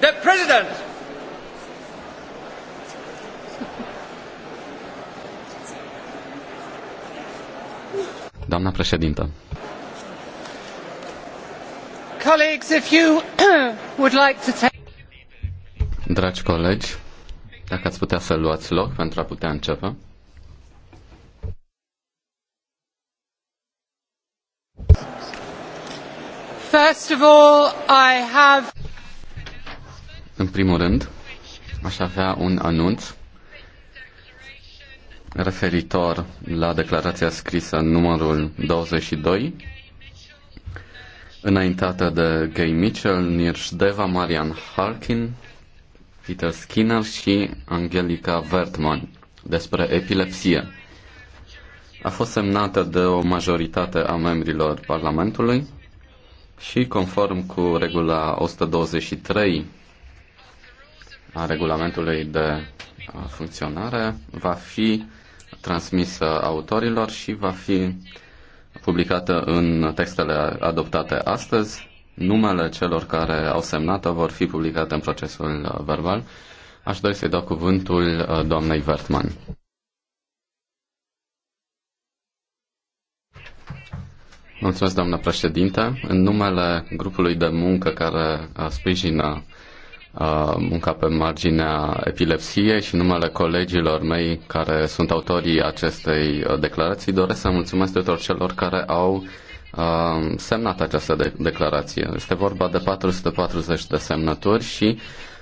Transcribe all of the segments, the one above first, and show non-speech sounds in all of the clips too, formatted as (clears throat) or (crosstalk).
The President! Doamna președintă. Colleagues, if you (clears throat) would like to take... Dragi colegi, dacă ați putea să luați loc pentru a putea începe. First of all, I have în primul rând, aș avea un anunț referitor la declarația scrisă numărul 22, înaintată de Gay Mitchell, Deva, Marian Harkin, Peter Skinner și Angelica Vertman despre epilepsie. A fost semnată de o majoritate a membrilor Parlamentului și, conform cu regula 123 a regulamentului de funcționare va fi transmisă autorilor și va fi publicată în textele adoptate astăzi. Numele celor care au semnat-o vor fi publicate în procesul uh, verbal. Aș dori să-i dau cuvântul uh, doamnei Vertman. Mulțumesc, doamnă președinte. În numele grupului de muncă care uh, sprijină munca pe marginea epilepsiei și numele colegilor mei care sunt autorii acestei uh, declarații doresc să mulțumesc tuturor celor care au uh, semnat această declarație. Este vorba de 440 de semnături și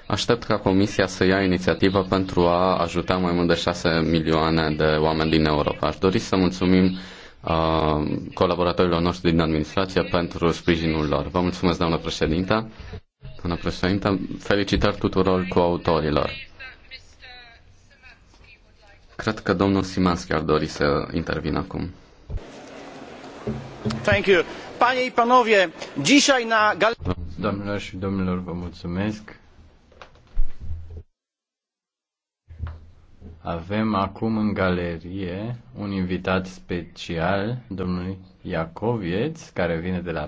aștept ca Comisia să ia inițiativă pentru a ajuta mai mult de 6 milioane de oameni din Europa. Aș dori să mulțumim uh, colaboratorilor noștri din administrație pentru sprijinul lor. Vă mulțumesc, doamnă președinte! spune președinte. Felicitări tuturor cu autorilor. Cred că domnul Simanski ar dori să intervină acum. Thank you. Panie i panowie, dzisiaj na Doamnelor și domnilor, vă mulțumesc. Avem acum în galerie un invitat special, domnul Iacovieț, care vine de la